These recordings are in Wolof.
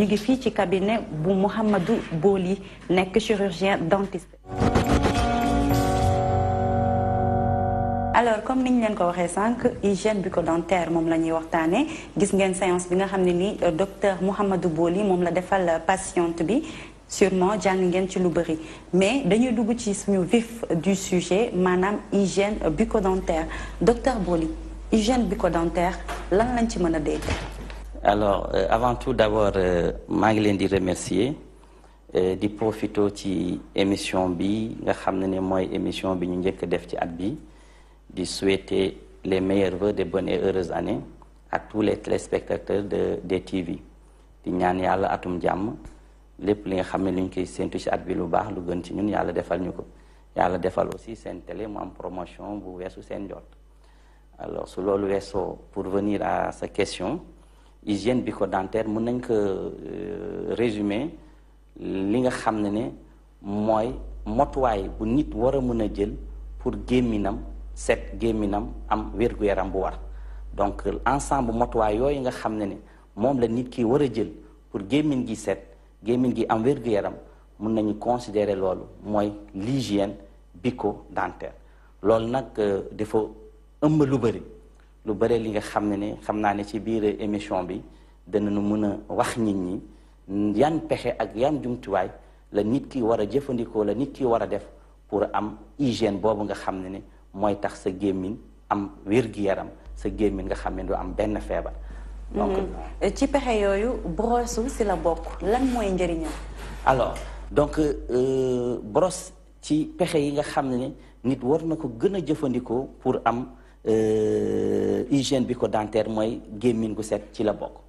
Nous avons fii ci cabinet de Mohamedou Boli chirurgien dentiste. alors comme nous l'avons ko l'hygiène sànq hygiène bucco-dentaire moom la gis séance bi nga xam ne le euh, docteur Mohamedou Boli moom la defal euh, patiente bi. sûrement jàng ngeen ci mais nous dugg ci vif du sujet madame, hygiène bucodentaire. docteur Boli hygiène bucodentaire, qu'est-ce que nous avons fait alors euh, avant tout d'abord euh, maa ngi leen di remercier euh, di profito ci émission bi nga xam ne ne émission bi ñu njëkk def ci at bi di souhaiter les meilleurs vœux de bonnes et heureuses années à tous les téléspectateurs de des TV di ñaan yàlla atum jàmm lépp li nga xam ne lu ñu koy séntu ci at bi lu baax lu gën ci ñun yàlla defal ñu ko yàlla aussi seen télé mu am promotion bu weesu seen jot alors su loolu weesoo pour venir à sa question hygiène bico dentaire que nañ ko euh, résumer li nga xam ne bu nit pour géminam set géminam am wergu yaram bu war donc ensemble des yoy nga xamné ne mom la nit ki pour gémin gi set gémin gi am wergu yaram considérer lolu moy l'hygiène bico dentaire n'a nak euh, defo ëmb lu lu bëri li nga xam ne ne xam naa ne ci biir émission bi danañu mën a wax nit ñi yan pexe ak yan jumtuwaay la nit ki war a jëfandikoo la nit ki war a def pour am hygiène boobu nga xam ne ne mooy tax sa gémmiñ am wér-gu-yaram sa gémmiñ nga xam ne du am benn feebar. donc ci pexe yooyu brosse si la bokk lan mooy njëriñam. alors donc brosse ci pexe yi nga xam ne ne nit war na ko gën a jëfandikoo pour am. Euh, hygiène bi ko dentaire mooy gémmiñ gu set ci la bokk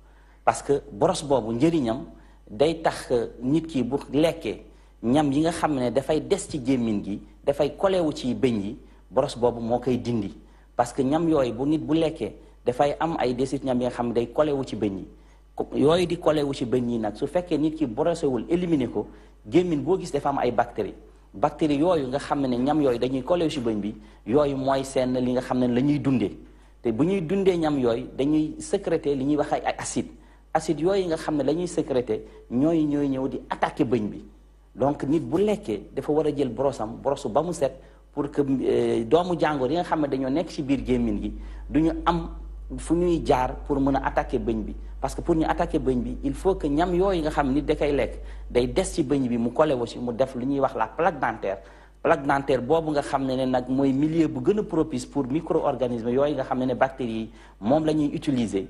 parce que boros boobu njëriñam day tax euh, nit kii bu lekkee ñam yi nga xam ne dafay des ci gémmiñ gi dafay kolewu ci bëñ yi boros boobu moo koy dindi parce que ñam yooyu bu nit bu lekkee dafay am ay desit ñam yi nga xam ne day kolewu ci bëñ yi yooyu di kolewu ci bëñ yi nag su fekkee nit ki borosewul éliminer ko gémmiñ boo gis dafa am ay bactéries bactéries yooyu nga xam ne ñam yooyu dañuy collé ci bëñ bi yooyu mooy seen li nga xam ne la ñuy dundee te bu ñuy dundee ñam yooyu dañuy sécréter li ñuy wax ay acide acide yooyu nga xam ne la ñuy sécréter ñooy ñooy ñëw di attaquer bëñ bi donc nit bu lekkee dafa war a jël brosam brosu ba mu set pour que euh, doomu jàngoor yi nga xam ne dañoo nekk ci biir gémmiñ gi duñu am fu ñuy jaar pour mën a attaquer bëñ bi parce que pour ñu attaquer bëñ bi il faut que ñam yooyu nga xam nit da lekk day des ci bëñ bi mu collé aussi mu def lu ñuy wax la plaque dentaire plaque dentaire boobu nga xam ne ne nag mooy milieu bu gën a propice pour micro-organisme yooyu nga xam ne ne bactéries yi moom la ñuy utiliser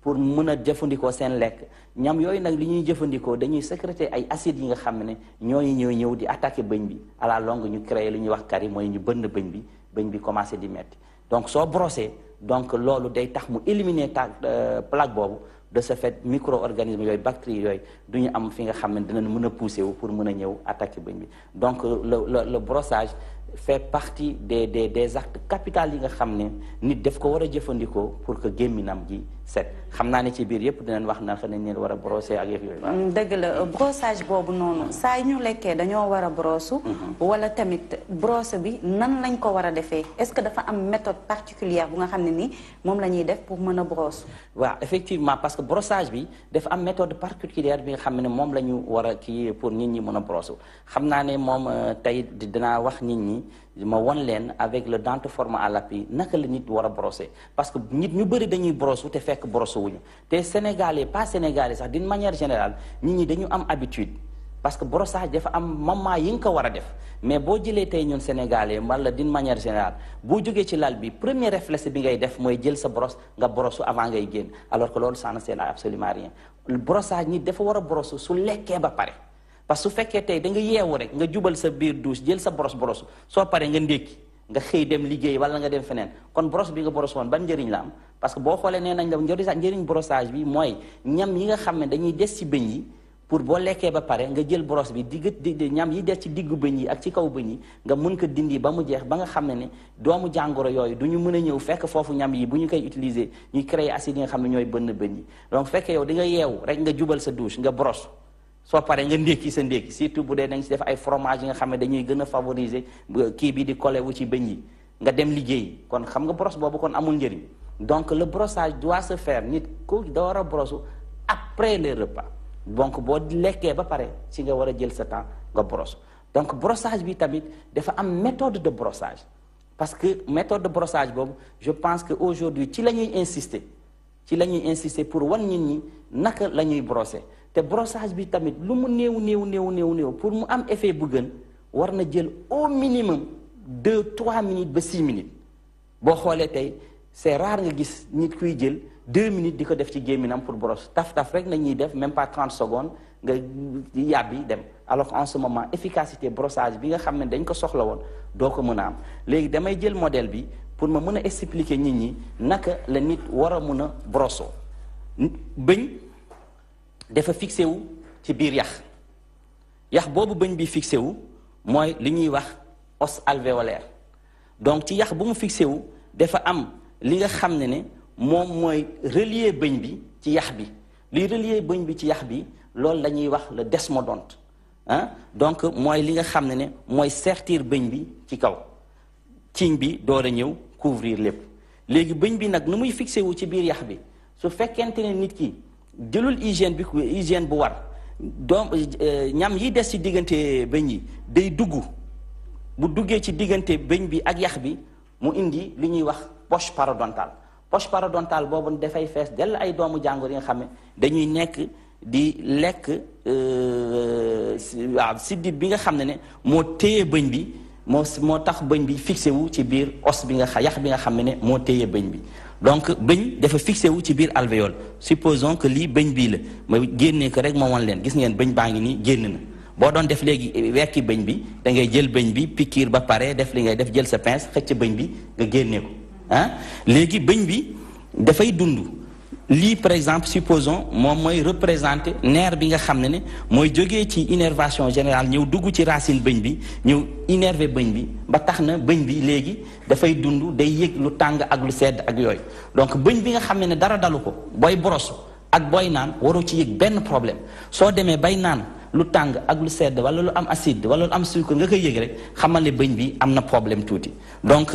pour mën a jëfandikoo seen lekk ñam yooyu nag li ñuy jëfandikoo dañuy sécréter ay acides yi nga xam ne ñooñu ñooy ñëw di attaquer bëñ bi à la longue ñu créer lu ñuy wax carie mooy ñu bënd bëñ bi bëñ bi commencé di metti donc soo brossé donc loolu day tax mu éliminer euh, plaque de ce fait micro-organisme les bactéries yooyu du am fi dinañ pousser wu pour mën attaquer donc le le brossage fait partie des des des actes capitaux yi nga xam ne nit daf ko war a jëfandikoo pour que gémminam ji set xam naa ne ci biir yëpp dinañ wax na nañ leen war a brosser ak yëf yooyu. Mm, dëgg la euh, brossage boobu noonu saa ñu lekkee dañoo war a brosse. Mm-hmm. wala tamit brosse bi nan lañ ko war a defee est-ce que dafa am méthode particulière bu nga xam ne ni moom la ñuy def pour mën a brosse. waa effectivement parce que brossage bi dafa am méthode particulière bi nga xam ne moom la ñu war a kii pour nit ñi mën a brosse xam naa ne moom euh, tey dinaa wax nit ñi. ma won leen avec le forme à l'appui naka la nit wara brosser parce que nit ñu bëri dañuy brosse te fekk brosse wuñu te sénégalais pas sénégalais sax d'une manière générale nit ñi dañu am habitude parce que brossage dafa am moment yi nga ko def mais bo jëlee tay ñun sénégalais wala d'une manière générale boo joggé ci lal bi premier réflexe bi ngay def moy jël sa brosse nga brosse avant ngay génn alors que loolu ça ne sert absolument rien brossage nit dafa wara a brosse su lekkee ba pare parce que su fekkee da nga yeewu rek nga jubal sa biir douche jël sa boros boros soo paree nga ndékki nga xëy dem liggéey wala nga dem kon boros bi nga boros woon ban lam. la am parce que boo xoolee nee nañ la njëriñ brossage bi mooy ñam yi nga xam ne dañuy des ci bëñ yi pour ba pare nga jël boros bi digg ñam yi des ci diggu bëñ yi ak ci kaw bëñ yi nga mun ko dindi ba mu jeex ba nga xam ne ne doomu jàngoro yooyu du ñu mën a ñëw fekk foofu ñam yi bu koy utiliser ñuy créer acide yi nga xam ne bënn bëñ yi donc fekkee yow di nga yeewu rek nga jubal sa douche nga boros soo paree nga ndéki sa ndéki surtout bu dee nañ si def ay fromage yi nga xam ne dañuy gën a favoriser kii bi di collé wu ci bëñ yi nga dem liggéey kon xam nga brosse boobu kon amul njëriñ donc le brossage doit se faire nit ku da war a brosse après le repas donc boo lekkee ba pare si nga war a jël sa temps nga brosse donc brossage bi tamit dafa am méthode de brossage parce que méthode de brossage boobu je pense que aujourd'hui ci la ñuy insister ci la ñuy insister pour wan nit ñi naka la ñuy brosser te brossage bi tamit lu mu néew néew néew néew néew pour mu am effet bu gën war na jël au minimum deux trois minutes ba six minutes boo xoolee tey c'est rare nga gis nit kuy jël deux minutes di ko def ci gémminam pour brosse taf taf rek na ñuy def même pas trente secondes nga yàbbi dem alors en ce moment efficacité brossage bi nga xam ne dañ ko soxla woon doo ko mën a am léegi damay jël modèle bi pour ma mën a expliquer nit ñi naka la nit war a mën a brosso bëñ dafa fixé où ci biir yax yax bobu bi fixé wu moi li wax os alvéolaire donc ci yax bu mu fixé wu dafa am li nga xamné né mom moy relier bëñ bi ci yax bi li relier bëñ bi ci yax bi lool la wax le desmodonte hein donc moy li nga xamné né moy sertir bëñ bi ci kaw bi couvrir lépp légui bëñ bi nak nu fixé wu ci biir yax bi su fekkenté nit ki jëlul hygiène bi hygiène bu war doom euh, ñam yi des ci diggante bëñ yi day dugg bu duggee ci diggante bëñ bi ak yax bi mu indi li ñuy wax poche parodontale poche paradontale boobu dafay fees dell ay doomu jàngoro yi nga xam ne dañuy nekk di lekk euh, waaw siddit bi nga xam ne ne moo téye bëñ bi moo moo tax bëñ bi fixé wu ci biir os bi nga yax bi nga xam ne ne moo téye bëñ bi donc bëñ dafa fixé wu ci biir alvéole supposons que li bëñ bi la génné ko rek mo wan len gis ngeen bëñ baangi ni nii génn na boo doon def légui eh, wéki bëñ bi da ngay jël bëñ bi pikiir ba paré def li ngay def jël sa pince xëcc bëñ bi nga génné ko hein ah? légui bëñ bi da fay dundou li par exemple supposons moi, moy représenter nerf bi nga xamné ne ne ci innervation générale ñeu dugg ci racine bëñ bi ñëw innerver bëñ bi ba taxna na bëñ bi da fay day lu ak lu ak donc bëñ bi nga dara ak ci yegg ben problème bay am acide wala lu am sucre nga problème touti. donc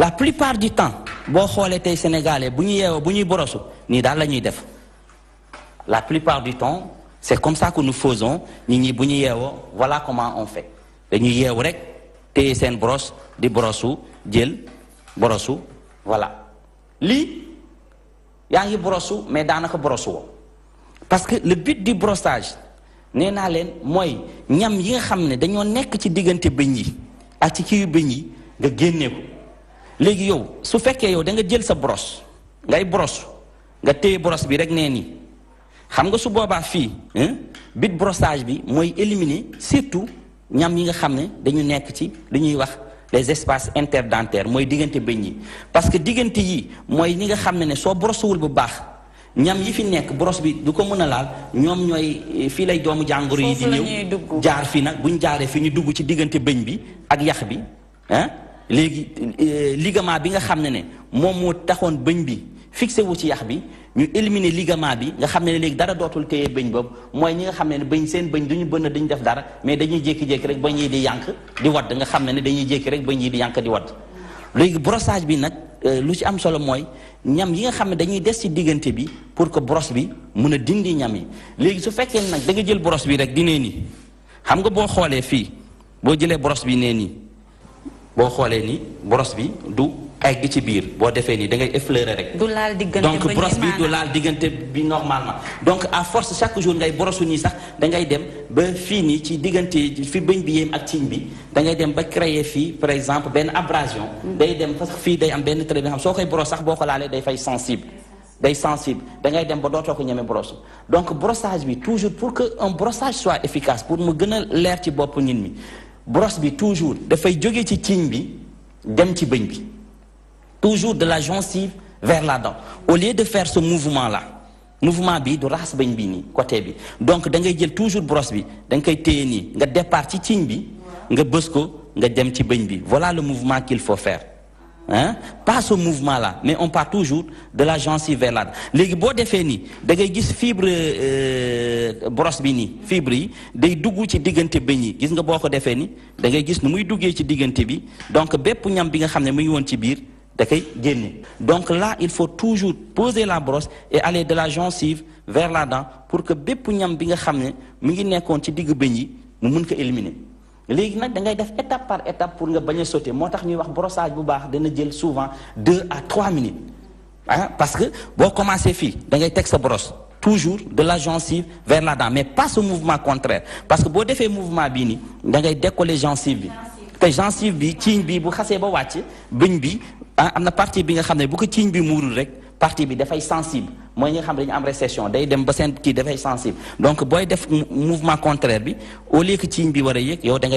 la plupart du temps bo xolé tay sénégalais buñu ñu buñu borosu ni daal la def la plupart du temps c'est comme ça que nous faisons ni ñi bu voilà comment on fait dañuy yéw rek téye sen brosse di borosu jël borosu voilà li yaa ngi borosu mais daanaka borosu woo parce que le but du brossage néna len moy ñam yi nga xamné ne dañoo nekk ci digënté bëñ yi ak ci kii bëñ yi nga génnee ko léegi yow su fekkee yow da nga jël sa brosse ngay brosse nga téye brosse bi rek nee nii xam nga su boobaa fii bit brossage bi mooy éliminer surtout ñam yi nga xam ne dañu nekk ci li ñuy wax les espaces interdentaires mooy diggante bëñ yi parce que diggante yi mooy ñi nga xam ne ne soo brossewul bu baax ñam yi fi nekk brosse bi du ko mën a laal ñoom ñooy eh, fii lay doomu jàngoro yi di ñëw jaar fii nag buñ jaaree fi ñu dugg ci diggante bëñ bi ak yax bi léegi euh, ligament bi nga xam ne ne moom moo taxoon bëñ bi fixé wu ci yax bi ñu éliminer ligament bi nga xam ne ne léegi dara dootul téye bëñ boobu mooy ñi nga xam ne ne bëñ seen bëñ duñu bënn duñu def dara mais dañuy jékki-jékki rek bëñ yi di yànq di wadd nga xam ne ne dañuy jékki rek bëñ yi di yànq di wadd léegi brossage bi nag euh, lu ci am solo mooy ñam yi nga xam ne dañuy des ci diggante bi pour que brosse bi mun a dindi ñam yi léegi su fekkee nag da nga jël brosse bi rek di nee nii xam nga boo xoolee fii boo jëlee brosse bi nee nii boo xoolee ni brosse bi du egg ci biir boo defee nii da ngay effleurer rek. donc brosse bi du laal diggante bi normalement. donc à force chaque jour ngay brosse nii sax da ngay dem ba fii nii ci diggante fi bëñ bi yéem ak bi da ngay dem ba créer fii par exemple ben abrasion. day dem parce que fii day am benn trait bi xam soo koy brosse sax boo ko laalee day fay sensible. day sensible da ngay dem ba dootoo ko ñeme brosse donc brossage bi toujours pour que un brossage soit efficace pour mu gën a leer ci bopp nit mi brosse bi toujours dafay jóge ci ciñ bi dem ci bëñ bi toujours de la gencive vers la dent au lieu de faire ce mouvement là mouvement bi du ras bëñ bi ni côté bi donc da ngay jël toujours brosse bi da nga koy ni nga départ ci bi nga nga dem ci bëñ bi voilà le mouvement qu'il faut faire hein pas ce mouvement là mais on part toujours de la gencive vers l'âne Les boo définis, nii da ngay gis fibre euh, brosse bi nii fibre yi day dugg ci diggante bëñ yi gis nga boko ko da gis nu muy ci digante bi donc bépp ñam bi nga xam mu ngi ci biir da donc là il faut toujours poser la brosse et aller de la gencive vers la dent pour que bépp ñam bi nga xam mu ngi ci digg yi mu ko éliminer léegi nak da ngay étape par étape pour sauter motax ñuy wax brossage souvent deux à 3 minutes hein? parce que bo commencé fi da ngay tek sa brosse toujours de la gencive vers la dent mais pas ce mouvement contraire parce que bo on mouvement le ni da ngay décoller gencive bi gencive bi bi bu ah, partie bi nga partie sensible xam dañu am récession day dem ba sensible donc boy def mouvement contraire au lieu que bi yow da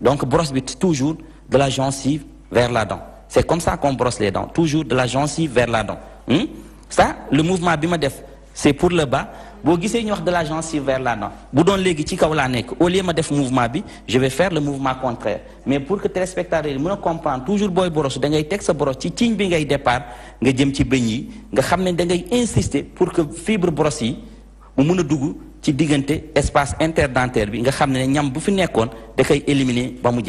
donc brosse toujours de la gencive vers la dent c'est comme ça qu'on brosse les dents toujours de la gencive vers la dent hmm? ça le mouvement bi def c'est pour le bas boo gisee ñu de la vers là dent bu doon léegi ci kaw laa au lieu ma def mouvement bi je vais faire le mouvement contraire mais pour que téléspectateurs spectateurs, mën a toujours boy boros da ngay teg sa boros ci ciñ bi ngay départ nga jëm ci bëñ yi nga xam da ngay insister pour que fibre boros yi mu mën a dugg ci espace interdentaire bi nga xam ne ñam bu fi nekkoon da koy éliminer ba mu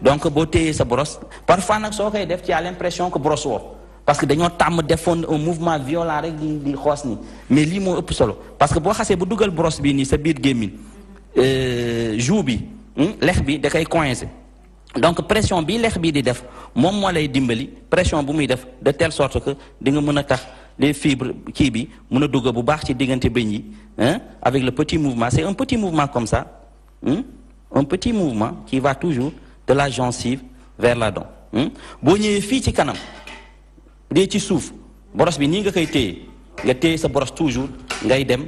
donc boo téyee sa boros parfois nag soo def ci l'impression que boros woo parce que dañoo tàmm defoon un mouvement violent rek di di xoos ni mais lii moo ëpp solo parce que boo xasee bu dugal brosse bi nii sa biir gémmiñ euh, joue bi hmm, lex bi da koy coincé donc pression bi lex bi di def moom moo lay dimbali pression bu muy def de telle sorte que di nga mën a tax les fibres kii bi mën a dugg bu baax ci diggante bëñ yi hein, avec le petit mouvement c'est un petit mouvement comme ça hmm, un petit mouvement qui va toujours de la gencive vers la dent hmm. boo ñëwee fii ci kanam bu dee ci suuf boros bi nii nga koy téye nga téye sa boros toujours ngay dem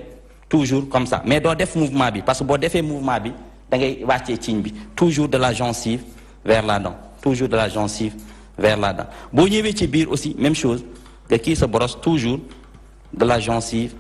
toujours comme ça mais doo def mouvement bi parce que boo defee mouvement bi da ngay wàccee ciñ bi toujours de la gencive vers la dent toujours de la gencive vers la dent boo ñëwee ci biir aussi même chose nga kii sa boros toujours de la gencive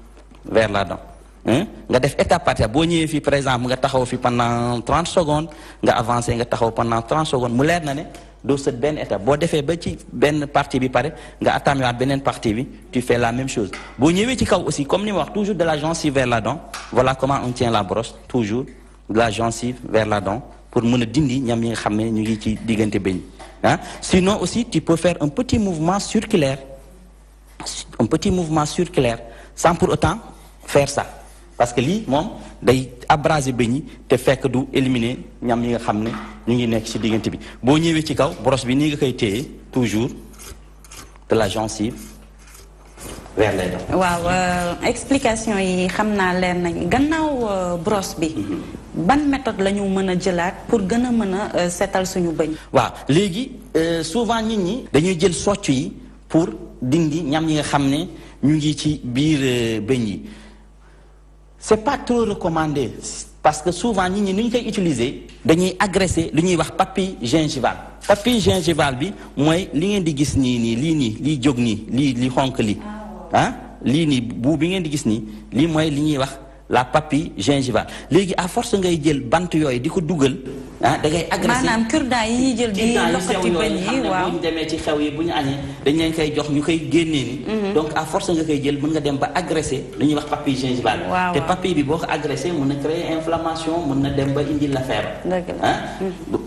vers la dent hein? nga def étape par étape boo ñëwee fii par exemple nga taxaw fi pendant 30 secondes nga avancé nga taxaw pendant 30 secondes mu leer na ne do sët ben étape bo defee ba ci ben partie bi paré nga wat benen partie bi tu fais la même chose boo ñëwee ci kaw aussi comme ni wax toujours de la gencive vers la dent voilà comment on tient la brosse toujours de la gencive vers la dent pour mën dindi ñam yi nga xamé ñu ci hein? sinon aussi tu peux faire un petit mouvement circulaire un petit mouvement circulaire sans pour autant faire ça parce que li mom day abrasé beñi té fekk du éliminer ñam yi nga xamné ñu ngi nekk ci digënté bi bo ñëwé ci kaw brosse bi ni nga koy téye toujours de la gencive weer waaw euh, explication yi xamna naa leer nañ gannaaw euh, brosse bi. Mhm. ban méthode la mëna mën jëlaat pour gëna mëna mën a euh, suñu bëñ. waaw léegi souvent nit ñi. dañuy jël socc yi pour dindi ñam yi nga xamné ñu ngi ci biir bëñ yi c'est pas trop recommandé parce que souvent nit ñi ni ñu koy utiliser dañuy agresser lu ñuy wax papille gingivale papille gingivale bi mooy li ngeen di gis nii nii lii nii lii jóg nii lii li xonk lii ah hein? lii nii bu bi ngeen di gis nii lii mooy li ñuy wax la papille gingivale léegi à force ngay jël bant yooyu di ko dugal. ah da ngay agressé maanaam kër yi ñuy jël di loxoti bañ yi waaw demee ci xew yi bu ñu añee dañ leen koy jox ñu koy génnee ni mhm. donc force nga koy jël mën nga dem ba agressé lu ñuy wax papille gingivale. te papille bi boo ko agressé mën na créer mën na dem ba indi la feebar. Ah? Mhm.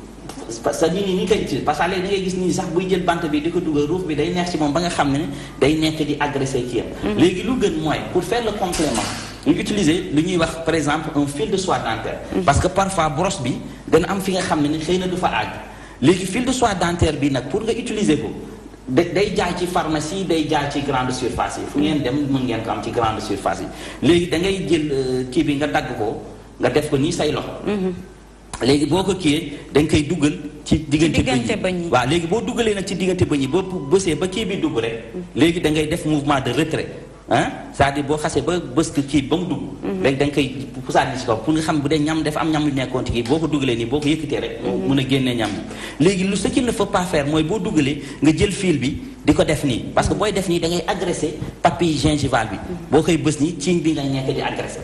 parce que nit ñi ni que léegi da gis nii sax buy jël bant bi di ko dugal ruuf bi day neex ci moom ba nga xam ne day nekk di agressé kii mhm. léegi lu gën mooy pour faire le complément. ñu utiliser lu ñuy wax par exemple un fil de soie dentaire. Mhm. parce que parfois brosse bi dana am fi nga xam ne ni xëy na du fa àgg léegi fil de soie dentaire bi nag pour nga utiliser ko. day jaay ci pharmacie day jaay ci grande surface yi fu ngeen dem mën ngeen ko am ci grande surface yi léegi da ngay jël euh, kii bi nga dagg ko nga def ko nii say loxo. Mhm. léegi boo ko kiiyee da nga koy duggal ci diggante bëñ yi waaw léegi boo duggalee nag ci diggante bëñ yi ba bësee ba kii bi dugg rek mhm. léegi da ngay def mouvement de retrait ah saa dire boo xasee ba bës kii ba mu dugg. rek mhm. da nga koy pusaat ni si kaw pour nga xam bu dee ñam def am ñam lu nekkoon ci kii boo ko dugalee nii boo ko yëkkatee rek. Mhm. mun a génne ñam yi léegi lu ce qu'il ne faut mooy boo dugalee nga jël fil bi di ko def nii parce que mhm. booy def nii da ngay agressé papille gingival bi. boo koy bës nii ciiñ bi nga nekk di agressé.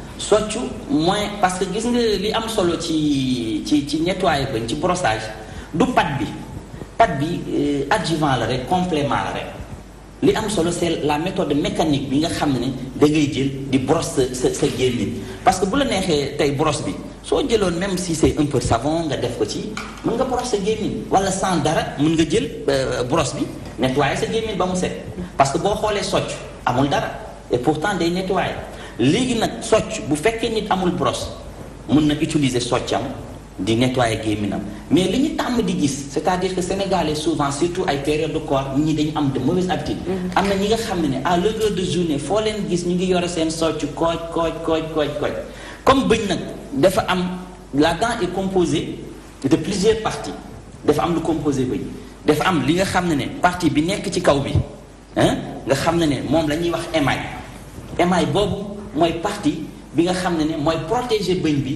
tu moins parce que gis nga li am solo ci ci ci nettoyer bañ ci brossage du pat bi pat bi euh, adjuvant la rek complément la rek li am solo c'est la méthode mécanique bi nga xam ne da ngay jël di brosse sa sa gémmiñ parce que bu la neexee tey brosse bi soo jëloon même si c'est un peu savon nga def ko ci mën nga brosse sa gémmiñ wala sans dara mën nga jël euh, brosse bi nettoyer sa gémmiñ ba mu set parce que boo xoolee socc amul dara et pourtant day nettoyer léegi nag socc bu fekkee nit amul bros, mun na utiliser soccam di nettoyer gémminam mais li ñu tàmm di gis c'est-à-dire que sénégalais souvent surtout ay période de corps ñi dañu am de mauvaise habitude mm-hmm. am na ñi nga xam ne à longueur de journée foo leen gis ñu ngi yore seen socc kooj kooj kooj kooj kooj comme bëñ nag dafa am la dent est composée de plusieurs parties dafa am lu composé bëñ dafa am li nga xam ne ne partie bi nekk ci kaw bi hein, nga xam ne ne moom la ñuy wax émail émail boobu mooy parti bi nga xam ne ne mooy protéger bëñ bi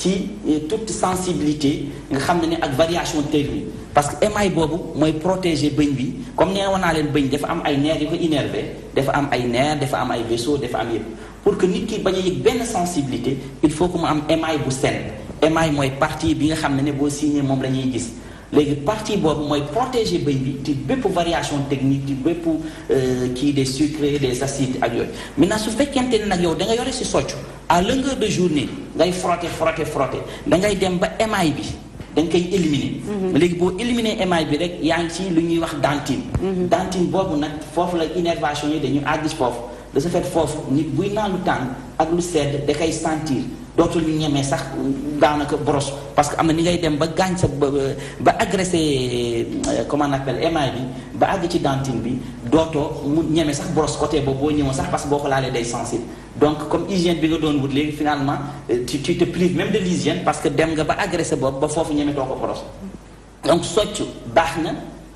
ci euh, toute sensibilité nga xam ne ne ak variation thermique parce que émail boobu mooy protéger bëñ bi comme nee woon naa leen bëñ dafa am ay nerf yu innervé dafa am ay nerf dafa am ay vaisseau dafa am yëpp pour que nit ki bañ a yëg benn sensibilité il faut que mu am émail bu sain émail mooy parti bi nga xam ne ne boo signé moom la ñuy gis léegi partie boobu mooy protéger béy bi ci bépp variation technique ci bépp qui euh, des sucres des acides ak mais na su fait ne nag yow da nga yore si soccu à longueur de journée ngay frotter frotter frotter da ngay dem ba émail bi da nga koy éliminer. Mhm. léegi boo éliminer émail bi rek yaa ngi ci lu wax dentine. Mhm. dentine boobu nag foofu la innervation yi dañu àgg foofu de ce fait foofu ni buy naan lu tàng ak lu sedd da koy sentir dootul ñu ñemee sax daanaka boros parce que am na ni ngay dem ba gaañ sa ba ba agressé euh, comment on appelle émail bi ba àgg ci dentine bi dootoo mu ñeme sax boros côté boobu boo ñëwoon sax parce que boo ko laalee day sensible donc comme hygiène bi nga doon wut léegi finalement euh, tu tu te prives même de l'hygiène parce que dem nga ba agressé boobu ba foofu ñeme doo ko boros donc soccu baax na.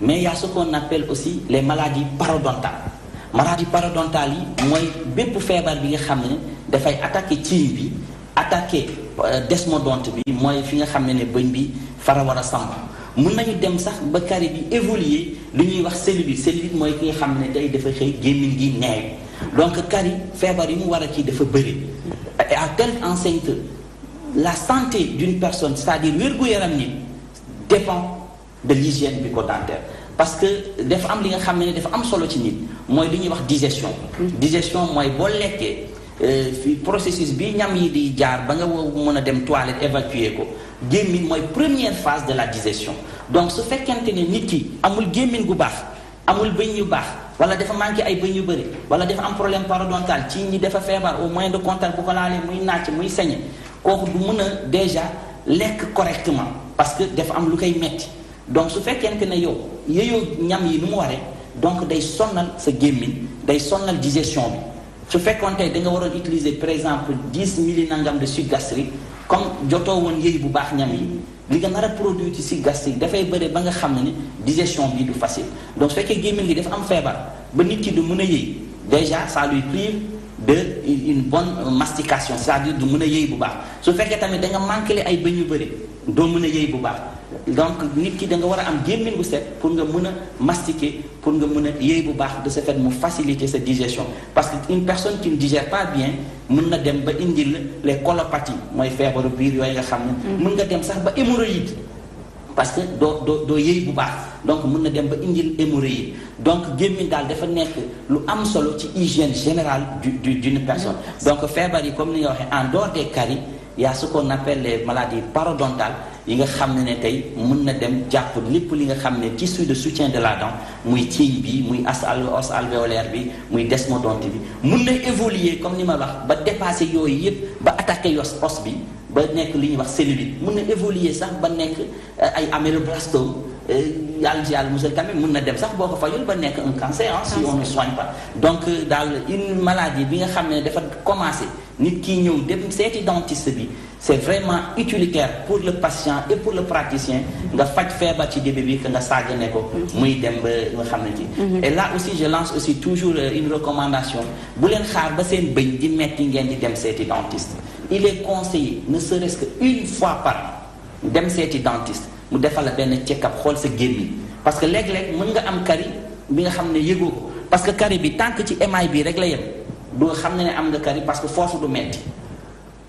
mais il y a ce qu'on appelle aussi les maladies parodontales maladies parodontales moi bien pour faire bi nga xam ne dafay attaquer cin bi attaqué euh, desmodonte bi mooy fi nga xam ne bëñ bi fara wara a samp mun nañu dem sax ba carie bi évoluer lu ñuy wax cellulite cellulite mooy ki nga xam ne day dafa xëy gémmiñ gi neew donc carie feebar yi mu war a kii dafa bëri à telle enseigne que la santé d'une personne c'est-à-dire wér-gu-yaram nit dépend de l'hygiène bucco parce que def am li nga xamné def am solo ci nit moy li ñuy wax digestion digestion mooy boo lekkee euh, fi processus bi ñam yi di jaar ba nga mën a dem toilette évacuer ko gémmiñ moy première phase de la digestion donc su fekkente ni nit ki amul gémmiñ gu bax amul bëñ yu baax wala dafa manqué ay bëñ yu bëri wala dafa am problème parodontal ci ñi dafa feebar au moyen de contact bu ko laalé muy nàcc muy saigner kooku du mëna déjà lekk correctement parce que dafa am lu koy metti donc su fekkente ne yow yeyoo ñam yi nu mu waree donc day sonnal sa gémmiñ day sonnal digestion bi su fekkoon tey da nga waroon utiliser par exemple dix milli nangam de sucre gastrique comme jotoo woon yëy bu baax ñam yi li nga nar a produit ci sucre gastrique dafay bëre ba nga xam ne digestion bi du facile donc su fekkee gémmiñ gi dafa am feebar ba nit ki du mën a yëy déjà ça lui prive de une bonne mastication c'est-à-dire du mën a yëy bu baax su fekkee tamit da nga manqué ay bëñ yu bëri doo mën a yëy bu baax donc nit ki da nga war a am gémmiñ bu set pour nga mën a mastiquer pour nga mën a yëy bu baax de ce fait mu faciliter sa digestion parce que une personne qui ne digère pas bien mën na dem ba indil les colopathies mooy feebaru biir yooyu nga xam ne mm. mën nga dem sax ba hémorroïde parce que doo doo doo yëy bu baax donc mën na dem ba indil hémorroïde donc gémmiñ daal dafa nekk lu am solo ci hygiène générale du d'une personne mm. donc feebar yi comme ni nga waxee en dehors des caries il y a ce qu'on appelle les maladies parodontales yi nga xam ne ne tey mën dem jàpp lépp li nga xam ne tissu de soutien de la dent muy tiiñ bi muy as os alvéolaire bi muy desmodonte bi mun na évoluer comme ni ma wax ba dépasser yooyu yëpp ba attaquer yos os bi ba nekk li wax cellulite mun na évoluer sax ba nek euh, ay améloblastome yàlla euh, yàlla musal quand même mun dem sax boo ko fajul ba nekk un cancer hein, si on ne soigne pas donc euh, dans une maladie bi nga xam ne dafa commencé nit ki ñëw dem seeti dentiste bi c'est vraiment utilitaire pour le patient et pour le praticien nga faj feebar ci début bi que nga sàggane ko muy dem ba nga xam ci mhm. et là aussi je lance aussi toujours euh, une recommandation bu leen xaar ba seen bëñ di metti ngeen di dem seeti dentiste il est conseillé ne serait-ce que une fois par dem seeti dentiste mu defal la benn check-up xool sa gémmiñ parce que léeg-léeg mën nga am carie bi nga xam ne ko parce que kari bi que ci émail bi rek la yem du xam ne ne am nga kari parce que force du metti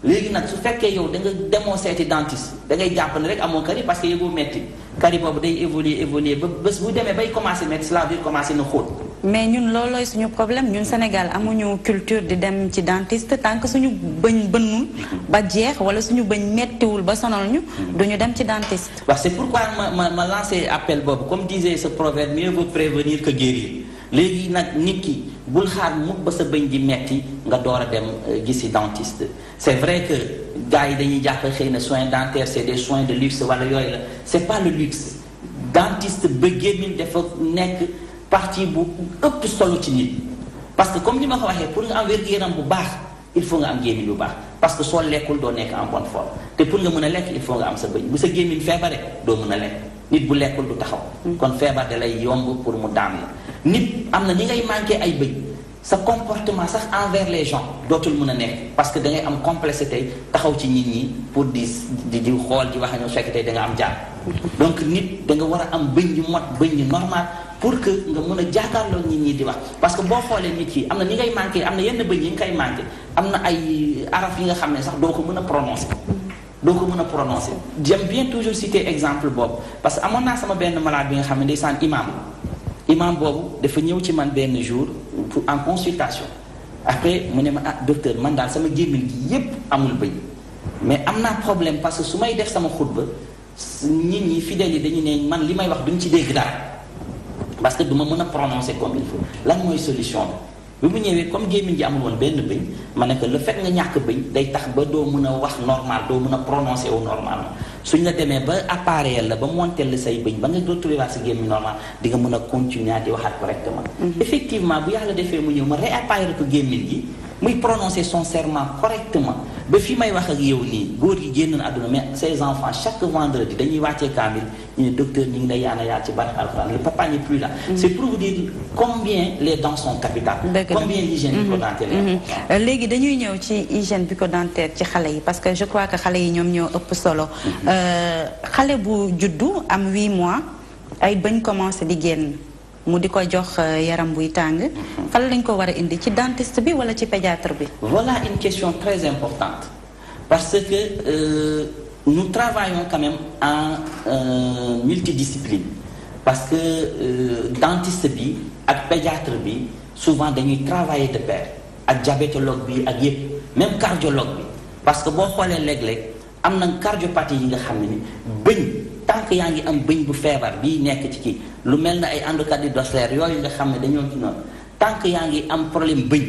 léegi nag su fekkee yow da nga demoo dentiste da ngay jàpp ne rek amoo kari parce que yëgoo metti kari boobu day évoluer évoluer ba bés bu demee bay commencé metti cela veut commencé na xóot. mais ñun looloy suñu problème ñun Sénégal amuñu culture di dem ci dentiste tant que suñu bañ bënnul ba jeex wala suñu bëñ mettiwul ba sonal ñu duñu dem ci dentiste. waaw c'est pourquoi ma ma ma lancé appel boobu comme disait ce proverbe mieux vaut prévenir que guérir léegi nag nit ki bul xaar mukk ba sa bëñ di metti nga door a dem euh, gisi dentiste c'est vrai que gars yi dañuy jàpp xëy na soins dentaires c'est des soins de luxe wala yooyu la c'est pas le luxe dentiste ba gémmiñ dafa nekk partie bu ëpp solo ci nit parce que comme ni ma ko waxee pour nga am wér-gu-yaram bu baax il faut nga am gémmiñ bu baax parce que soo lekkul doo nekk en bonne forme te pour nga mën a lekk il faut nga am sa bëñ bu sa gémmiñ feebare doo mën a lekk nit bu lekkul du taxaw mm. kon feebar da lay yomb pour mu daam la nit am na ni ngay manqué ay bëj sa comportement sax envers les gens dootul mën a nekk parce que da ngay am complexité taxaw ci nit ñi pour di di di xool di wax ñu fekk tey da nga am jaar donc nit da nga war a am bëñ yu mot bëñ yu normal pour que nga mën a jaakaarloo nit ñi di wax parce que boo xoolee nit ki am na ni ngay manqué am na yenn bëñ yi nga koy manqué am na ay araf yi nga xam ne sax doo ko mën a prononcé doo ko mën a prononcé j'aime bien toujours citer exemple boobu parce que amoon naa sama benn malade bi nga xam ne ndeysaan imam imam boobu dafa ñëw ci man benn jour pour en consultation après mu ne ma ah docteur man daal sama gémmiñ gi yépp amul bëy mais am naa problème parce que su may def sama xutba nit ñi fidèles yi dañu ne man li may wax duñ ci dégg dara parce que du ma mën a prononcer comme il faut lan mooy solution bi mu ñëwee comme gémmiñ gi amul woon benn bëñ ma ne que le fait nga ñàkk bëñ day tax ba doo mën a wax normal doo mën a prononcer wu normal suñ la demee ba appareil la ba montel la say bëñ ba nga retrouver sa gémmiñ normal di nga mën a continuer di waxaat correctement mm-hmm. effectivement bu yàlla defee mu ñëw ma réappareil ko gémmiñ gi muy prononcer son serment correctement ba fi may wax ak yow ni góor yi génn na mais ses enfants chaque vendredi dañuy wàccee kaamil ñu ne docteur ñu ngi lay yaana yaa ci barke alxuraan le papa n'est plus là. Mm-hmm. c'est pour vous dire combien les dents sont capitales. combien l'hygiène mm-hmm. bucco-dentaire mm-hmm. léegi dañuy ñëw ci hygiène bucco-dentaire ci xale yi parce que je crois que xale yi ñoom ñoo ëpp solo. Euh, xale bu juddu am 8 mois ay bañ commencé di génn mu di ko jox euh, yaram buy tàng. Mhm. fan lañ ko war indi ci dentiste bi wala ci pédiatre bi. voilà une question très importante parce que euh, nous travaillons quand même en euh, multidiscipline parce que euh, dentiste bi ak pédiatre bi souvent dañuy travailler de pair ak diabétologue bi ak même cardiologue bi parce que boo xoolee léeg-léeg am na cardiopathie yi nga xam ne ni bëñ. tànk yaa ngi am bëñ bu feebar bii nekk ci kii lu mel na ay handicap du dorsal yooyu nga xam ne dañoo ci tànk yaa ngi am problème bëñ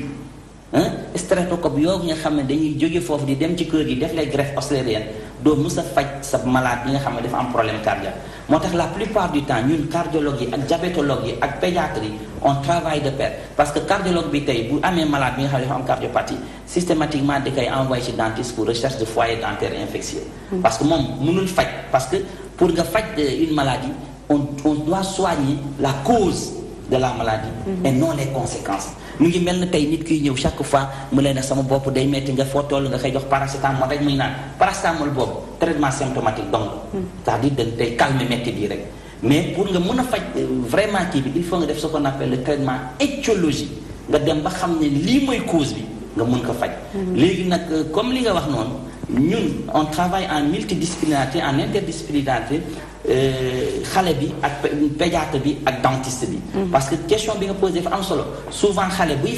streptocoque yooyu nga xam ne dañuy jóge foofu di dem ci kër gi def lay greffe ossélienne doo mus a faj sa malaat bi nga xam ne dafa am problème cardiaque la plupart du temps ñun cardiologue yi ak diabétologue pédiatre on travaille de pair parce que cardiologue bi tay bu amé malade bi nga xam ne cardiopathie systématiquement ils koy chez ci dentiste pour recherche de foyers dentaire infectieux mm. parce que moom mënul faj parce que pour nga euh, une maladie on doit soigner la cause de la maladie mm-hmm. et non les conséquences mu ngi mel na tey nit chaque fois mu lay na sama bopp day metti nga foo toll nga koy jox paracétamol rek muy naan paracétamol boobu traitement symptomatique donc c'est-à-dire de calmer mais pour que mën a euh, vraiment qui, il faut ce qu'on appelle le traitement étiologique nga dem ba xamné li moy cause bi nga mën ko mm-hmm. euh, comme li nga wax on travaille en multidisciplinarité en interdisciplinarité euh, xalé bi ak pédiatre bi ak dentiste bi mm-hmm. parce que question bi nga posé poser? am solo souvent xalé buy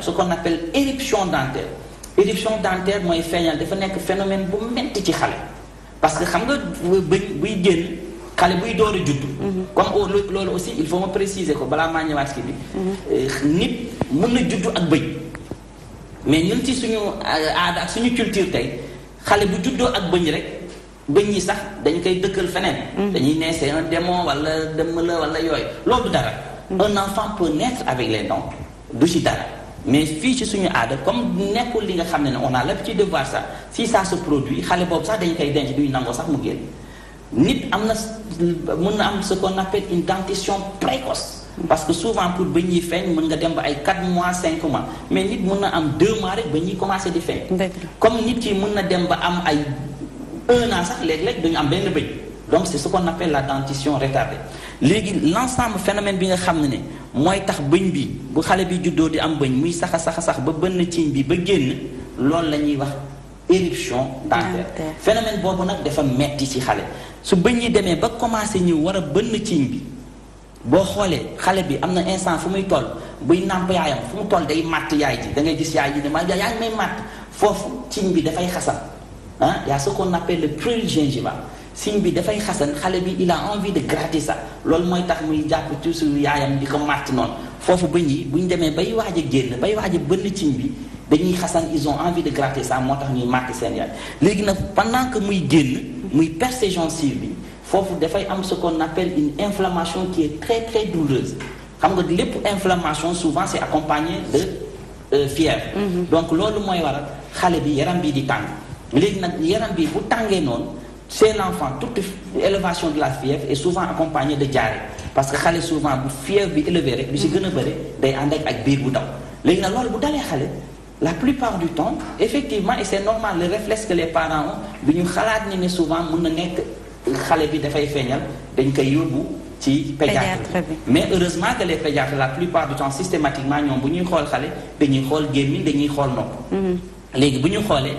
ce qu'on appelle éruption dentaire éruption dentaire moy feeñal dafa un phénomène bu metti ci xalé parce que xam nga buy génn xale buy comme loolu aussi il faut préciser ko balaa maa ñëwaat mhm. euh, na mais ñun ci suñu euh, ak suñu culture xale bu ak rek sax dañ koy mhm. ne un démon wala wala mhm. un enfant peut naître avec les noms, du mais fii ci suñu aada comme nekkul li nga xam ne ne on a l'habitude ci devoir ça si ça se produit xale boobu sax dañ koy denc duñ nangoo sax mu génn nit am na mën na am ce qu'on appelle une dentition précoce parce que souvent pour ba ñuy feeñ mën nga dem ba ay 4 mois 5 mois mais nit mën na am 2 mois rek ba ñuy commencé di feeñ comme nit ki mën na dem ba am ay 1 an sax léeg-léeg duñu am benn bëñ donc c'est ce qu'on appelle la dentition retardée l'ensemble phénomène bi nga moi ne ne mooy tax bëñ bi bu xale bi juddoo di am bëñ muy saxa saxa sax ba bënn ciñ bi ba génn la wax éruption dentaire phénomène bon nag dafa metti ci xale su bëñ yi demee ba commencé ñëw war a bënn ciñ bi bien xoolee xale bi am na instant fu muy toll buy nàmp yaayam fu mu toll day màtt yaay ji da ngay gis yaay ji may màtt foofu ciñ bi dafay xasam ah y a ce qu'on appelle le prurit gingival signe bi dafay xasan xale bi il a envie de gratter ça loolu mooy tax muy jàpp ci suñu yaayam di ko màtt noonu foofu bëñ yi bu demee bay waaj a génn bay waaj a bënn signe bi dañuy xasan ils ont envie de gratter ça moo tax ñuy màtt seen yaay léegi nag pendant que muy génn muy percer gencive bi foofu dafay am ce qu'on appelle une inflammation qui est très très douloureuse xam nga lépp inflammation souvent c'est accompagné de euh, fièvre mm-hmm. donc loolu mooy waral xale bi yaram bi di tàng léegi nag yaram bi bu tàngee noonu chez l'enfant, toute élévation de la fièvre est souvent accompagnée de diarrhée parce que xale souvent bu fièvre bi élevée, rek. lu si gën a bëri day ànd ak biir bu bu la plupart du temps effectivement et c'est normal le réflexe que les parents ont bi ñu xalaat ni souvent mën na nekk xale bi dafay feeñal dañ eu yóbbu. ci mais heureusement que les pédiatres la plupart du temps systématiquement On bu ñuy enfants, xale dañuy xool gémmiñ dañuy xool nopp. Mhm. léegi bu ñu xoolee.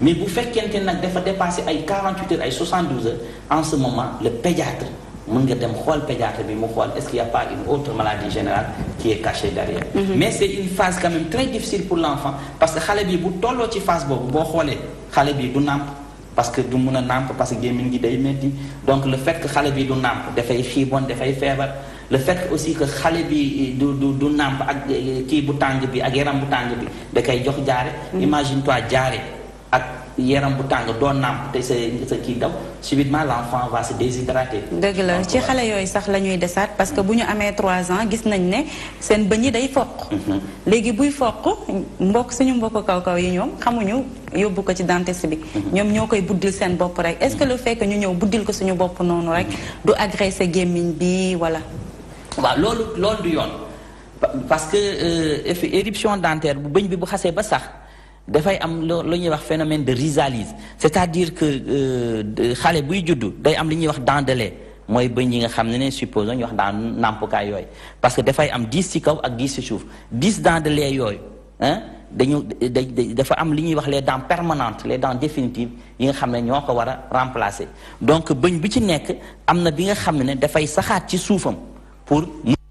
mais vous faites fekkente nag dafa dépassé ay 48 heures 72 heures en ce moment le pédiatre mën nga dem pédiatre bi est-ce qu'il n'y a pas une autre maladie générale qui est cachée derrière mhm. mais c'est une phase quand même très difficile pour l'enfant parce que xale bi bu tolloo ci phase il boo xoolee xale bi parce que du mun a parce que gémmiñ gi day metti donc le fait que xale bi du nàmp dafay fait des fièvre. le fait aussi que xalé bi du du du namp ak ki bu tang bi ak yaram bu tang bi da kay jox mhm. imagine toi Jare. ak yaram bu tàng doon nàmp te sa sa kii daw subitement l' enfant va se déshydrater. dëgg la ci xale yooyu sax la ñuy desaat parce que bu ñu amee trois ans gis nañ ne seen bëñ yi day foq. Mhm. léegi buy foq mbokk suñu mbokk kaw-kaw yi ñoom xamuñu yóbbu ko ci dentiste bi. Mhm. ñoom ñoo koy buddil seen bopp rek est ce que le fait ñu ñëw buddil ko suñu bopp noonu rek mhm. du agressé gémmiñ bi wala. waaw loolu loolu du yoon parce que euh, éruption dentaire bu bëñ bi bu xasee ba sax. dafay am lu ñuy wax phénomène de risalise c'est-à-dire que euh, xalé buy juddu day am li ñuy wax dent de lait mooy bëñ yi nga xamné ne supposons ñu wax daan nàmpukaay yoy parce que dafay am 10 ci kaw ak 10 ci suuf 10 dents de lait yooyu ah dañu dafa am li ñuy wax les dents permanentes les dents définitives yi nga xamné ne ñoo ko war remplacer donc bëñ bi ci nekk amna bi nga xamné ne ne dafay saxaat ci soufam pour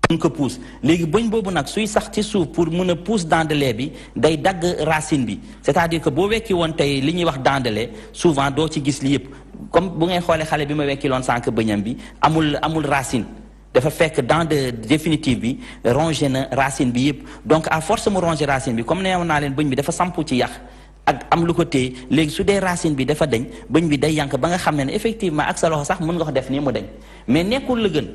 mun ko pousse léegi bëñ boobu nag suy sax ci suuf pour mun a puus dandele bi day dagg racine bi c'est-à-dire que boo wekki woon tey li ñuy wax dandele souvent doo ci gis li yëpp comme bu ngay xoolee xale bi ma wekki loon sànq bëñam bi amul amul racine dafa fekk dans de définitive bi rongé na racine bi yëpp donc à force mu rongé racine bi comme neew naa leen bëñ bi dafa sampu ci yàq ak am lu ko téye léegi su dee racine bi dafa dañ bëñ bi day yànk ba nga xam ne effectivement ak sa loxo sax mun nga ko def nii mu dañ mais nekkul la gën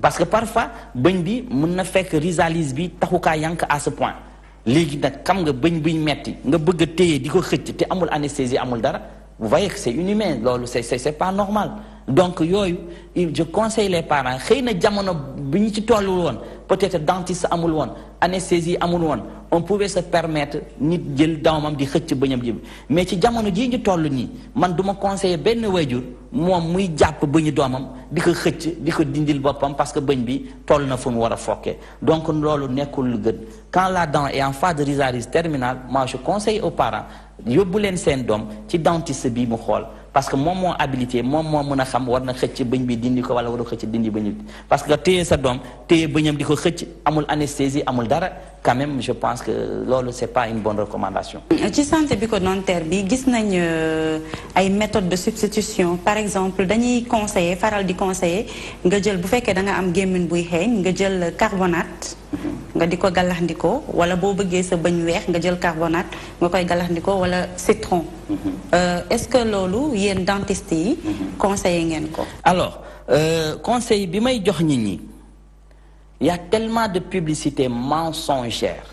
parce que parfois bëñ bi mën na fekk risalis bi taxukaa yànk à ce point léegi nag xam nga bëñ buy metti nga bëgg a téye di ko amul anesthésie amul dara vous voyez que c'est inhumain loolu c'est c'est pas normal donc yooyu je conseille les parents xëy na jamono bi ñu ci tollul woon peut-être dentiste amul woon anesthésie amul woon on pouvait se permettre nit jël doomam di xëcc bëñam ji mais ci jamono jii ñu toll nii man du ma conseiller benn wayjur moom muy jàpp bëñu doomam di ko xëcc di ko dindil boppam parce que bëñ bi toll na fu mu war a fokkee donc loolu nekkul lu gën quand la dent est en phase de rhizarrhise terminal moi je conseille aux parents yóbbu leen seen doom ci dentiste bi mu xool parce que moom moo habilité moom moo mën a xam war na xëcc bëñ bi dindi ko wala war a xëcc dindi bëñ bi parce que téye sa doom téye bëñam di ko xëcc amul anesthésie amul dara quand même je pense que lolo c'est pas une bonne recommandation. que santé le terme, bi y a euh, ay méthodes de substitution par exemple dañuy conseiller faral di conseiller nga jël bu fekkee da nga am de bouillie, nous nga jël carbonate. nga diko galandiko, wala bo de sa bagn weex nga jël carbonate nga koy galandiko wala citron. Mhm. Euh, est-ce que loolu yéen dentiste yi. Mhm. conseiller ngeen ko. alors euh, conseil bi may jox nit ñi il y a tellement de publicité mensongère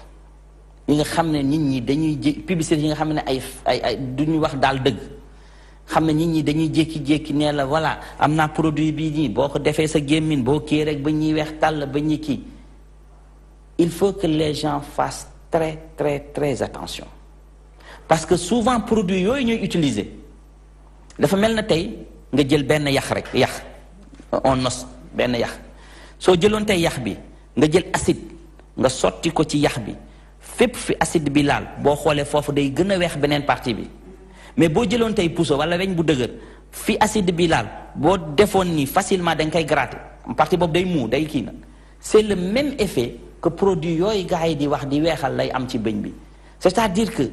yi nga xam nit ñi dañuy publicité yi nga xam ne ay ay ay duñu wax daal dëgg xam nit ñi dañuy jéki jéki né la voilà amna produit bi nii boko défé sa gemine bo ké rek ba ñi wéx tal ba ñuy il faut que les gens fassent très très très attention parce que souvent produit yooyu ñuy utiliser dafa mel tay nga jël ben yax rek yax on nos ben yax soo jëloon tey yax bi nga jël acide nga sotti ko ci yax bi fépp fi acide bilal, laal boo xoolee foofu day gën a weex beneen partie bi mais boo jëloon tey pousse, wala weñ bu dëgër fi acide bilal, laal boo defoon nii facilement da nga koy gratter partie boobu day mou, day kii c'est le même effet que produit yooyu gars yi di wax di weexal lay am ci bëñ bi c'est-à-dire que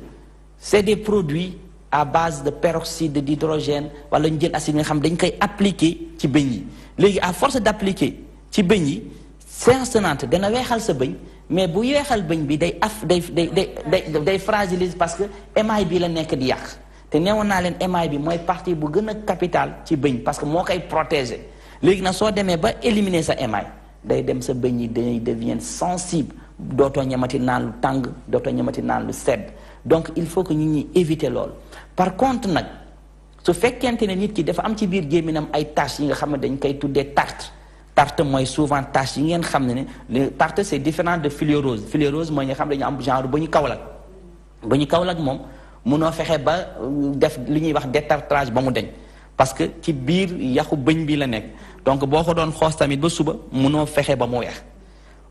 c'est des produits à base de peroxyde d'hydrogène wala ñu jël acide nga xam dañ koy appliquer ci bëñ yi léegi à force d'appliquer ci bëñ yi séance tenante dana weexal sa bëñ mais bu weexal bëñ bi day af day day day day fragilise parce que émail bi la nekk di yàq te neewoon naa leen émail bi mooy partie bu gën a capital ci bëñ parce que moo koy protéger léegi nag soo demee ba éliminer sa émail day dem sa bëñ yi day deviennent sensible dootoo ñamati naan lu tàng dootoo ñamati naan lu sedd donc il faut que ñu ñuy éviter loolu par contre nag su fekkente ne nit ki dafa am ci biir gémminam ay tâches yi nga xam ne dañ koy tuddee tarte tarte moy souvent tache yi ngeen xam ne tarte c'est différent de filérose filérose moy ñi xam dañu am genre bañu ñu kawlak bu ñu kawlak moom munoo fexe ba euh, def li ñuy wax détartrage ba mu deñ parce que ci biir yaxu bëñ bi la nekk donc boko doon xoss tamit ba suba mëno fexé ba mo weex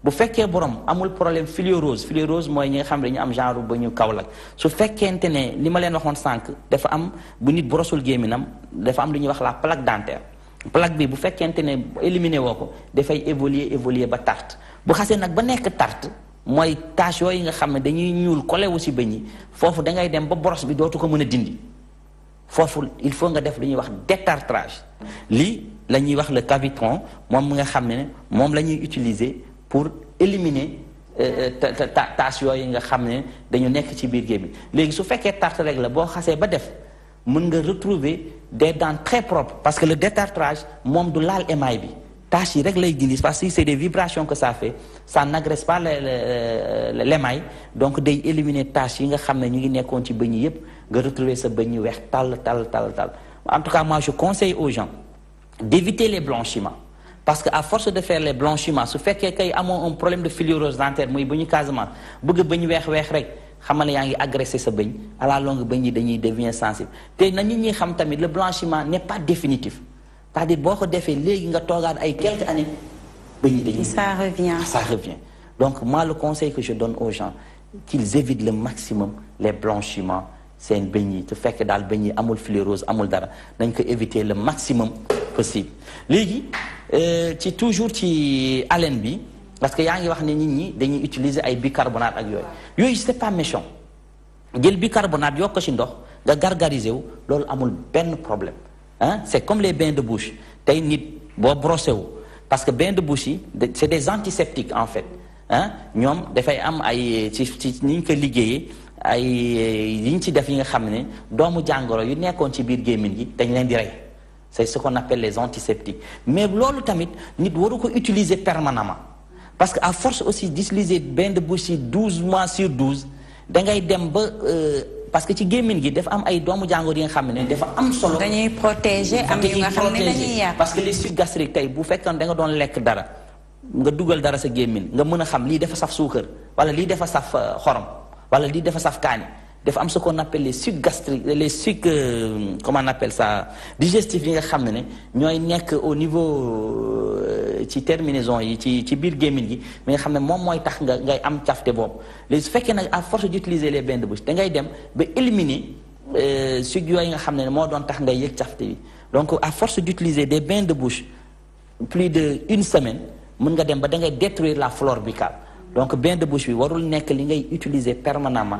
bu fekkee borom amul problème filérose filérose mooy ñi nga xam dañu am genre ba ñu kawlak su fekkente ne li ma leen waxoon sànq dafa am bu nit borosul gémminam dafa am lu ñuy wax la plaque dentaire plaque bi bu fekkente ne éliminer woo ko dafay évoluer évoluer ba tarte bu xasee nag ba nekk tarte mooy tache yooyu nga xam ne dañuy ñuul wu si bëñ yi foofu ngay dem ba boros bi dootu ko mën a dindi foofu il faut nga def lu ñuy wax détartrage lii la ñuy wax le cavitation, moom nga xam ne moom la ñuy utiliser pour éliminer euh, euh, tache yooyu nga xam ne dañu nekk ci biir gémmiñ léegi su fekkee tarte rek la boo xasee ba def mën nga retrouver des dents très propres parce que le détartrage moom du laal émail bi yi parce que c'est des vibrations que ça fait ça n'agresse pas l'émail donc day éliminer taches yi nga ñu ngi retrouver ce bëñ yi en tout cas moi je conseille aux gens d'éviter les blanchiments parce qu'à force de faire les blanchiments su qu'il y a un problème de filureuse dentaire muy bëñu casement bëgg bëñ weex weex rek xamal yaa ngi agressé sa bëñ à la longue bëñ yi dañuy devenir sensible te na nit ñi xam tamit le blanchiment n'est pas définitif c'est-à-dire boo ko defee léegi nga toogaat ay quelques années bëñ yi dañuy ça revient ah, ça revient donc moi le conseil que je donne aux gens qu'ils évitent le maximum les blanchiments seen bëñ yi te fekk daal bëñ yi amul fluorose amul dara nañ ko éviter le maximum possible léegi euh, ci toujours ci haleine bi parce que yaa ngi wax ni nit ñi dañuy utiliser ay bicarbonate ak yoy yoy c'est pas méchant jël bicarbonate yokk ko ci ndox nga gargariser wu amul ben problème hein c'est comme les bains de bouche tay nit bo brossé wu parce que bains de bouche c'est des antiseptiques en fait ah ñoom dafay am ay ci ni ñu ko liggéeyee ay yi ci def yi nga xamné doomu jangoro yu nekkon ci biir gemin gi dañ leen di ray c'est ce qu'on appelle les antiseptiques mais lolou tamit nit waru ko utiliser permanemment parce que à force aussi d'utiliser benn de bouche yi douze mois sur douze dangay dem ba euh, parce que ci gémmiñ gi dafa am ay doomu jàngoro yi nga xam ne dafa am solo. dañuy protéger am yu nga xam ne dañuy parce que les sucs gastriques tey bu fekkoon danga doon lekk dara nga dugal dara sa gémmiñ nga mën a xam lii dafa saf suukar wala lii defa saf euh, xorom wala lii defa saf kaani dafa am ce qu'on appelle les sucs gastriques les sucs euh, comment on appelle ça digestifs yi nga xam ne ne ñooy nekk au niveau euh, ci terminaison yi ci ci biir gémmiñ gi mi nga xam ne moom mooy tax nga ngay am cafte boobu léegi su fekkee à force d'utiliser les bains de bouche da ngay dem ba éliminer euh, sucs yooyu nga xam ne moo doon tax ngay yëg cafte bi donc à force d'utiliser des bains de bouche plus de une semaine mën nga dem ba da ngay détruire la flore buccale donc bains de bouche bi warul nekk li ngay utiliser permanemment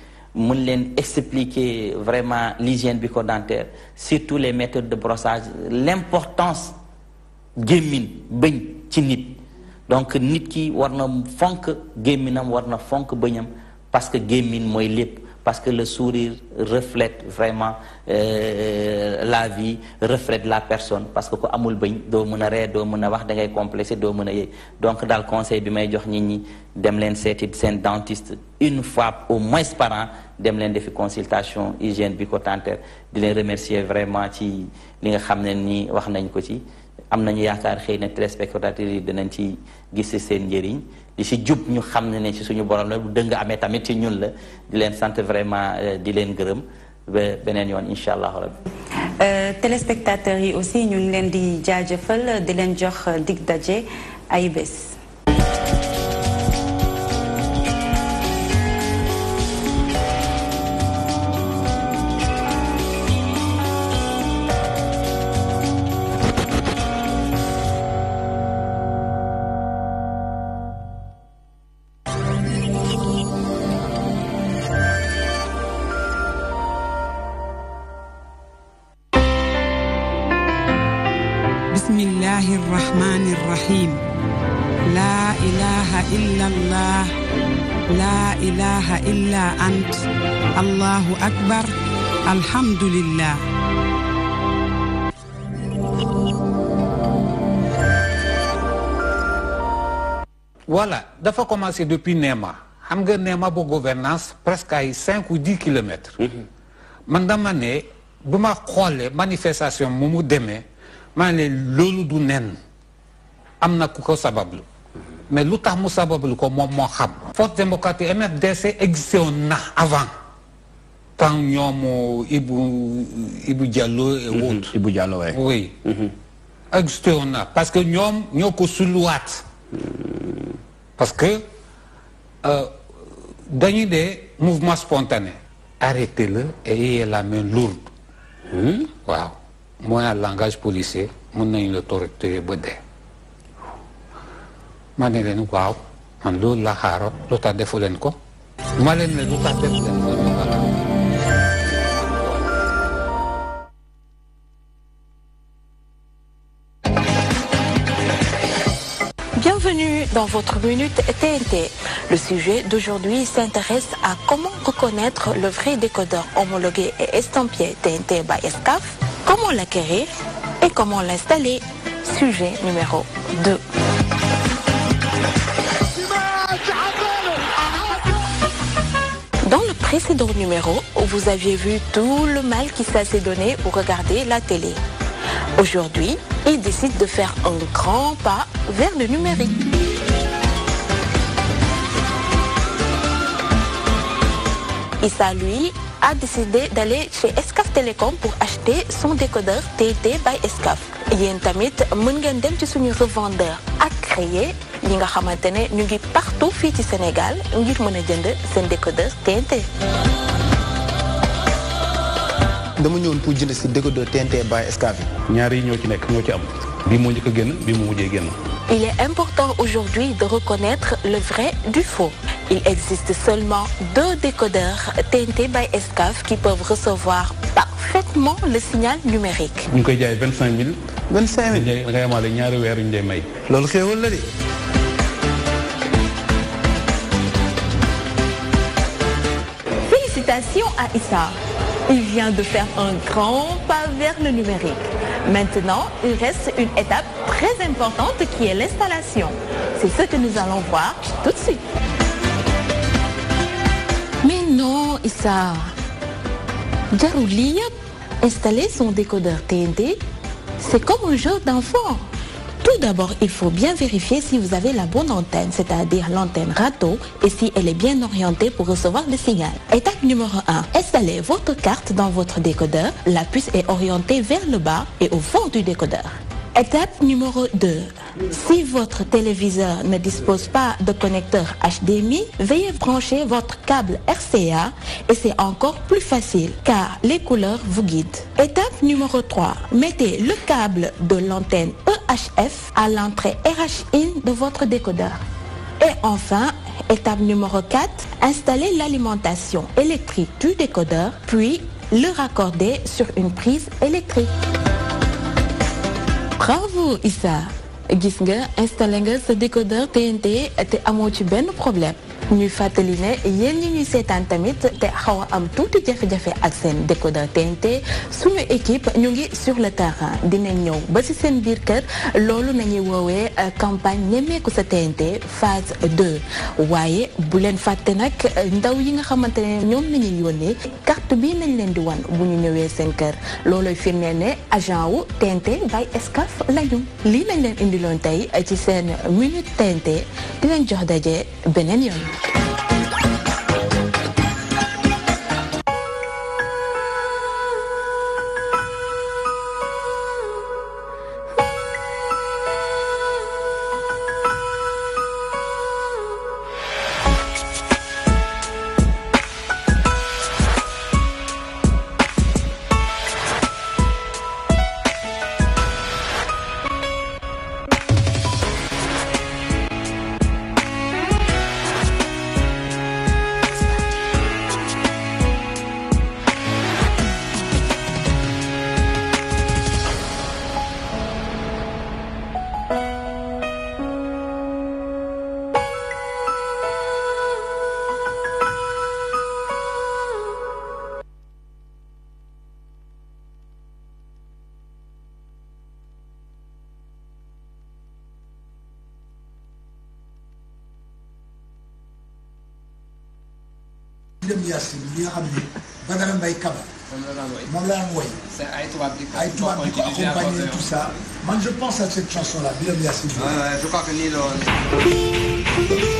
mën leen expliquer vraiment l'hygiène bucco-dentaire surtout les méthodes de brossage l'importance gémmiñ bëñ ci nit donc nit ki war na fonk war fonk parce que gémmiñ mooy lépp parce que le sourire reflète vraiment euh, la vie reflète la personne parce que quand amul bëñ do mën a do doo mën a wax da ngay complexé dans le donc conseil du may jox nit c'est dem leen dentiste une fois au moins par an dem des defi consultation hygiène bucco-dentaire de les remercier vraiment ci li nga ni ne nii wax nañ ko ci am nañu yaakaar xëy na téléspectateurs yi li si jub ñu xam ne ne si suñu borom la bu dëng amee tamit ci ñun la di leen sant vraiment euh, di leen gërëm ba beneen yoon incha allah rabbi euh, téléspectateurs yi aussi ñu ngi leen di jaajëfal di leen jox dig daje ay bés Voilà, ça a commencé depuis Nema. Vous Nema a gouvernance presque à 5 ou 10 km. Moi, je me suis dit, la manifestation, de d'émé, suis je suis c'est le cas. Il mais l'autre tax ko moom xam. force démocratique MFDC existe avant. tant ñom Ibou Ibou Diallo et mhm. autres. Ibou oui. Mhm. existé parce que ñom ñoko sous parce que euh, dañuy dé mouvement spontané. arrêtez-le et ayez la main lourde. Mhm. waaw Moi, un langage policier mon nañu l'autorité de ba Bienvenue dans votre minute TNT. Le sujet d'aujourd'hui s'intéresse à comment reconnaître le vrai décodeur homologué et estampillé TNT by SCAF, comment l'acquérir et comment l'installer. Sujet numéro 2. Dans le précédent numéro, vous aviez vu tout le mal qui s'est donné pour regarder la télé. Aujourd'hui, il décide de faire un grand pas vers le numérique. Issa, lui, a décidé d'aller chez Escaf Telecom pour acheter son décodeur TT by Escaf. Yen tamit mën revendeur yi nga xamantene ñu ngi partout fii ci Sénégal ngir mën a jënd seen décodeur TNT. dama ñëwoon pour jënd si décodeur TNT by Escafy. ñaar yi ñoo ci nekk ñoo ci am. bi mo ñëk génn mujjee Il est important aujourd'hui de reconnaître le vrai du faux. Il existe seulement deux décodeurs TNT by Escaf qui peuvent recevoir parfaitement le signal numérique. Nous ngi 25 000 25 000. à Issa. Il vient de faire un grand pas vers le numérique. Maintenant, il reste une étape très importante qui est l'installation. C'est ce que nous allons voir tout de suite. Mais non, Issa. Jarouliya, installer son décodeur TNT, c'est comme un jeu d'enfant. Tout d'abord, il faut bien vérifier si vous avez la bonne antenne, c'est-à-dire l'antenne râteau, et si elle est bien orientée pour recevoir le signal. Étape numéro 1. Installez votre carte dans votre décodeur. La puce est orientée vers le bas et au fond du décodeur. Étape numéro 2. Si votre téléviseur ne dispose pas de connecteur HDMI, veuillez brancher votre câble RCA et c'est encore plus facile car les couleurs vous guident. Étape numéro 3. Mettez le câble de l'antenne EHF à l'entrée RHIN de votre décodeur. Et enfin, étape numéro 4, installez l'alimentation électrique du décodeur puis le raccorder sur une prise électrique. bravo Issa gis nga installé nga sa décodeur TNT te amoo ci benn problème ñuy fàttali ne yéen ñi ñuy seetaan tamit te xaw a am tuuti jafe-jafe ak seen décodeur TNT suñu équipe ñu ngi sur le terrain dinañ ñëw ba ci seen biir kër loolu nañuy woowee euh, campagne ñemeeku sa tente phase 2 waaye bu leen fàtte nag ndaw yi nga xamante ne ñoom nañuy yónnee carte bii nañ leen di wan bu ñu ñëwee seen kër looloy firndee ne agent wu TNT by Excaf lañu lii lañ leen indiloon tey euh, ci seen minute TNT dinañ jox daje beneen yoon cette chanson-là, bien, bien, bien. Ouais, ouais, je crois que Nilo... Euh,